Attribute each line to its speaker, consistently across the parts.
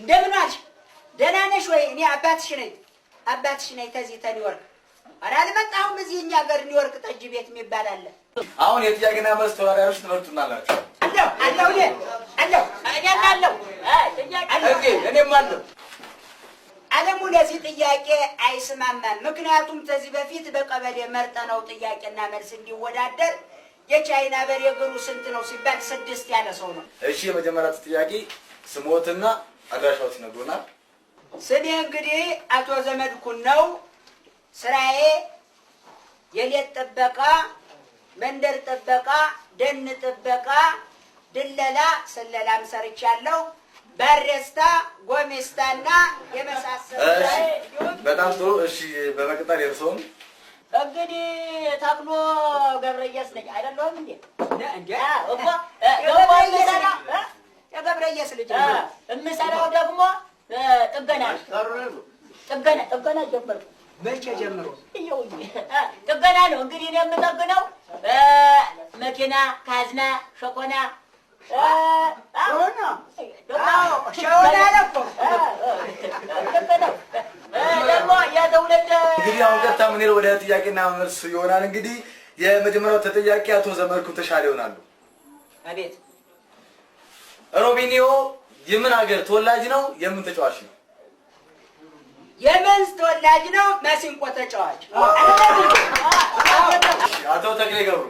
Speaker 1: እንደምን ዋልሽ? ደህና ነሽ ወይ? እኔ አባትሽ ነኝ አባትሽ ነኝ ተዚህ ተኒውዮርክ። ኧረ አልመጣሁም። እዚህ እኛ ሀገር ኒውዮርክ ጠጅ ቤት የሚባል አለ።
Speaker 2: አሁን የጥያቄና መልስ ተወዳዳሪዎች ትመርጡናላችሁ።
Speaker 1: አለሁ አለሁ አለሁ እኔም አለሁ እኔም አለሁ። አለሙ ለዚህ ጥያቄ አይስማማም። ምክንያቱም ከዚህ በፊት በቀበሌ መርጠነው ጥያቄና መልስ እንዲወዳደር የቻይና በር የእግሩ ስንት ነው ሲባል ስድስት ያለ ሰው ነው።
Speaker 2: እሺ የመጀመሪያ ጥያቄ ስሞትና አድራሻዎት ይነግሩናል።
Speaker 1: ስሜ እንግዲህ አቶ ዘመድኩን ነው። ስራዬ የሌት ጥበቃ፣ መንደር ጥበቃ፣ ደን ጥበቃ፣ ድለላ ስለላም ሰርቻለሁ። ባሬስታ ጎሜስታና የመሳሰሉ
Speaker 2: በጣም ጥሩ። እሺ፣ በመቀጠል የእርስዎን
Speaker 1: እንግዲህ ተክሎ ገብረየስ ነኝ አይደለሁም እንዴ? እንዴ እኮ ገብረየስ ልጅ የምሰራው ደግሞ ጥገና ጥገና ጥገና ጀመርኩ።
Speaker 2: መቼ ጀምሮ?
Speaker 1: ጥገና ነው እንግዲህ እኔ የምጠግነው መኪና፣ ካዝና፣ ሸኮና እንግዲህ
Speaker 2: አሁን ቀጥታ ምንሄድ ወደ ጥያቄና መልስ ይሆናል። እንግዲህ የመጀመሪያው ተጠያቂ አቶ ዘመድኩን ተሻለ ይሆናሉ። አቤት ሮቢኒዮ የምን ሀገር ተወላጅ ነው? የምን ተጫዋች ነው?
Speaker 1: የመንዝ ተወላጅ ነው። መሲንቆ ተጫዋች።
Speaker 2: አቶ ተክሌ ገብሩ፣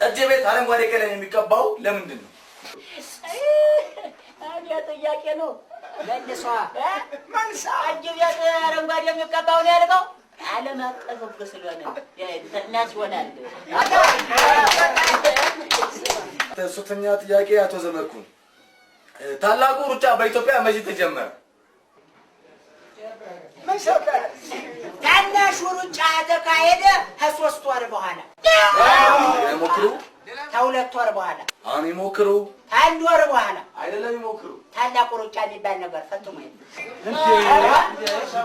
Speaker 2: ጠጅ ቤት አረንጓዴ ቀለም የሚቀባው ለምንድን ነው?
Speaker 1: ጥያቄ ነው። መልሷ መንሳ ጠጅ ቤት አረንጓዴ የሚቀባው ነው ያልከው ዓለም አቀፍ ሕግ ስለሆነ ናሽናል።
Speaker 2: ሶስተኛ ጥያቄ አቶ ዘመኩን ታላቁ ሩጫ በኢትዮጵያ መቼ ተጀመረ?
Speaker 1: ታናሹ ሩጫ ተካሄደ ከሶስት ወር በኋላ ሞክሩ። ከሁለት ወር በኋላ አሁን ይሞክሩ። ወር በኋላ
Speaker 2: አይደለም ይሞክሩ።
Speaker 1: ታላቁ ሩጫ የሚባል ነገር ፈጥሞ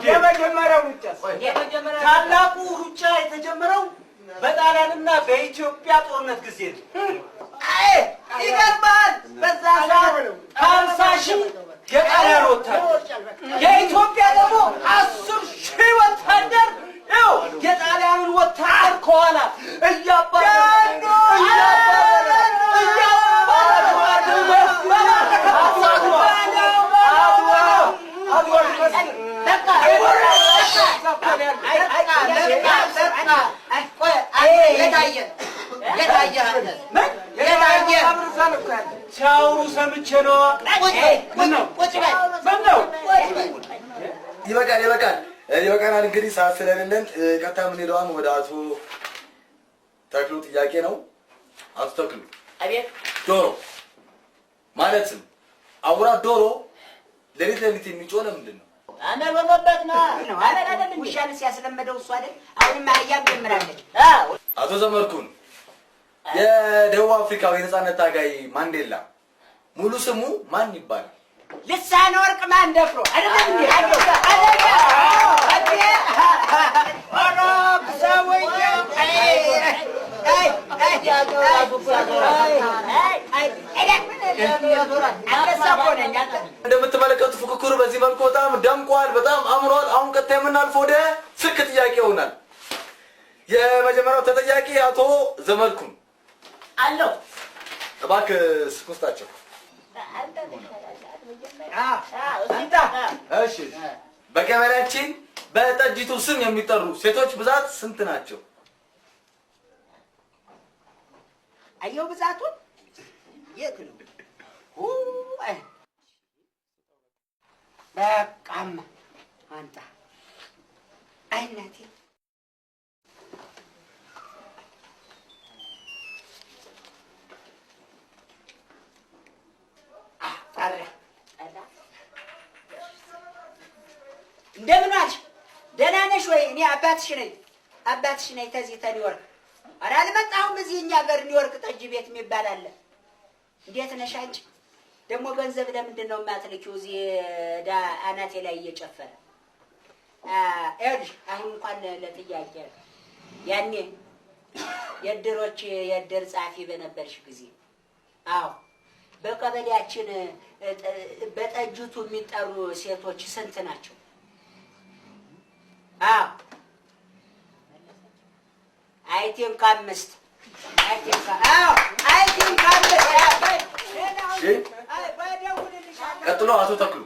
Speaker 1: የመጀመሪያው ሩጫ ታላቁ ሩጫ የተጀመረው በጣሊያንና በኢትዮጵያ ጦርነት ጊዜ ነው። አይ ይገርማል። በዛ ሰዓት ሃምሳ ሺህ የጣሊያን ወታደር የኢትዮጵያ ደግሞ አስር ሺህ ወታደር ይኸው የጣሊያንን ወታደር ከኋላ እያባ
Speaker 2: ሲያወሩ ሰምቼ ነዋ። ይበቃል፣ ይበቃል፣ ይበቃናል። እንግዲህ ሰዓት ስለሌለን ቀጥታ የምንሄደዋን ወደ አቶ ተክሉ ጥያቄ ነው። አቶ ተክሉ ዶሮ ማለትም አውራ ዶሮ ሌሊት ሌሊት የሚጮህ ለምንድን ነው?
Speaker 1: አመሮበት ነው። ውሻን ሲያስለመደው እሱ አይደል? አሁንም አህያም ጀምራለች።
Speaker 2: አቶ ዘመርኩን የደቡብ አፍሪካው የነጻነት ታጋይ ማንዴላ ሙሉ ስሙ ማን ይባላል?
Speaker 1: ልሳነ ወርቅ ማንደፍሮ
Speaker 2: እንደምትመለከቱ ፉክክሩ በዚህ መልኩ በጣም ደምቋል፣ በጣም አምሯል። አሁን ቀጥታ የምናልፍ ወደ ስልክ ጥያቄ ይሆናል። የመጀመሪያው ተጠያቂ አቶ ዘመድኩን አለው። እባክህ ስኩስታቸው በቀበሌያችን በጠጅቱ ስም የሚጠሩ ሴቶች ብዛት ስንት ናቸው?
Speaker 1: አየው ብዛቱን የት ነው? በቃማ አንተ አይናቴ እንደምን ዋልሽ? ደህና ነሽ ወይ? እኔ አባትሽ ነኝ አባትሽ ነኝ ተዚህ ተኒወርክ። ኧረ አልመጣሁም። እዚህ እኛ ሀገር ኒውዮርክ ጠጅ ቤት የሚባል አለ። እንዴት ነሽ አንቺ? ደግሞ ገንዘብ ለምንድን ነው የማትልኪው? እዚህ አናቴ ላይ እየጨፈረ ይኸውልሽ። አሁን እንኳን ለጥያቄ ያኔ የእድሮች የእድር ጸሐፊ በነበርሽ ጊዜ አዎ፣ በቀበሌያችን በጠጅቱ የሚጠሩ ሴቶች ስንት ናቸው? አይ ቲንክ አምስት
Speaker 2: ቀጥሎ አቶ ተክሉ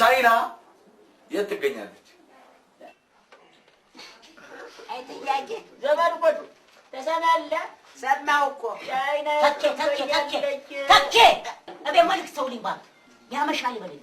Speaker 2: ቻይና የት ትገኛለች?
Speaker 1: አይ እኮ ተኬ ተኬ ተኬ ተኬ እቤት መልክ ሰው ሊባል ያመሻል ይበልኝ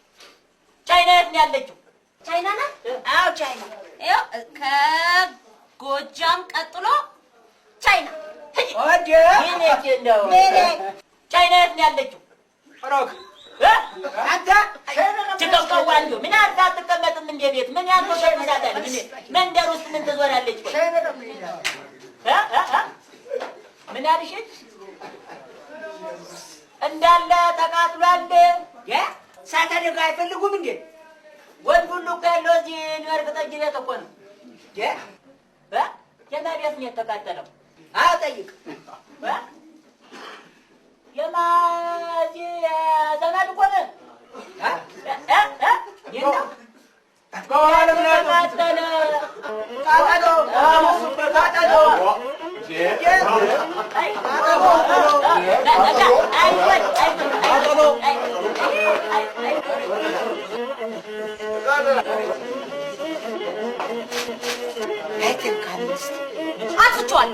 Speaker 1: ቻይና የት ነው ያለችው? ቻይና ናት። አዎ ቻይና። ይኸው ከጎጃም ቀጥሎ ቻይና። ቻይና የት ነው ያለችው? ምን አርጋ አትቀመጥም? እንደ ቤት ምን ያንተ መንደር ውስጥ ምን ትዞራለች? ሊያደርግ አይፈልጉም እንዴ? ወንድ ሁሉ እኮ ያለው እዚህ ኒውዮርክ ጠጅ ቤት እኮ ነው። የማ ቤት ነው የተቃጠለው? አዎ ጠይቅ። የማ እዚህ ዘመድ እኮ ነው ቃጠለው አጥፍቼዋለሁ።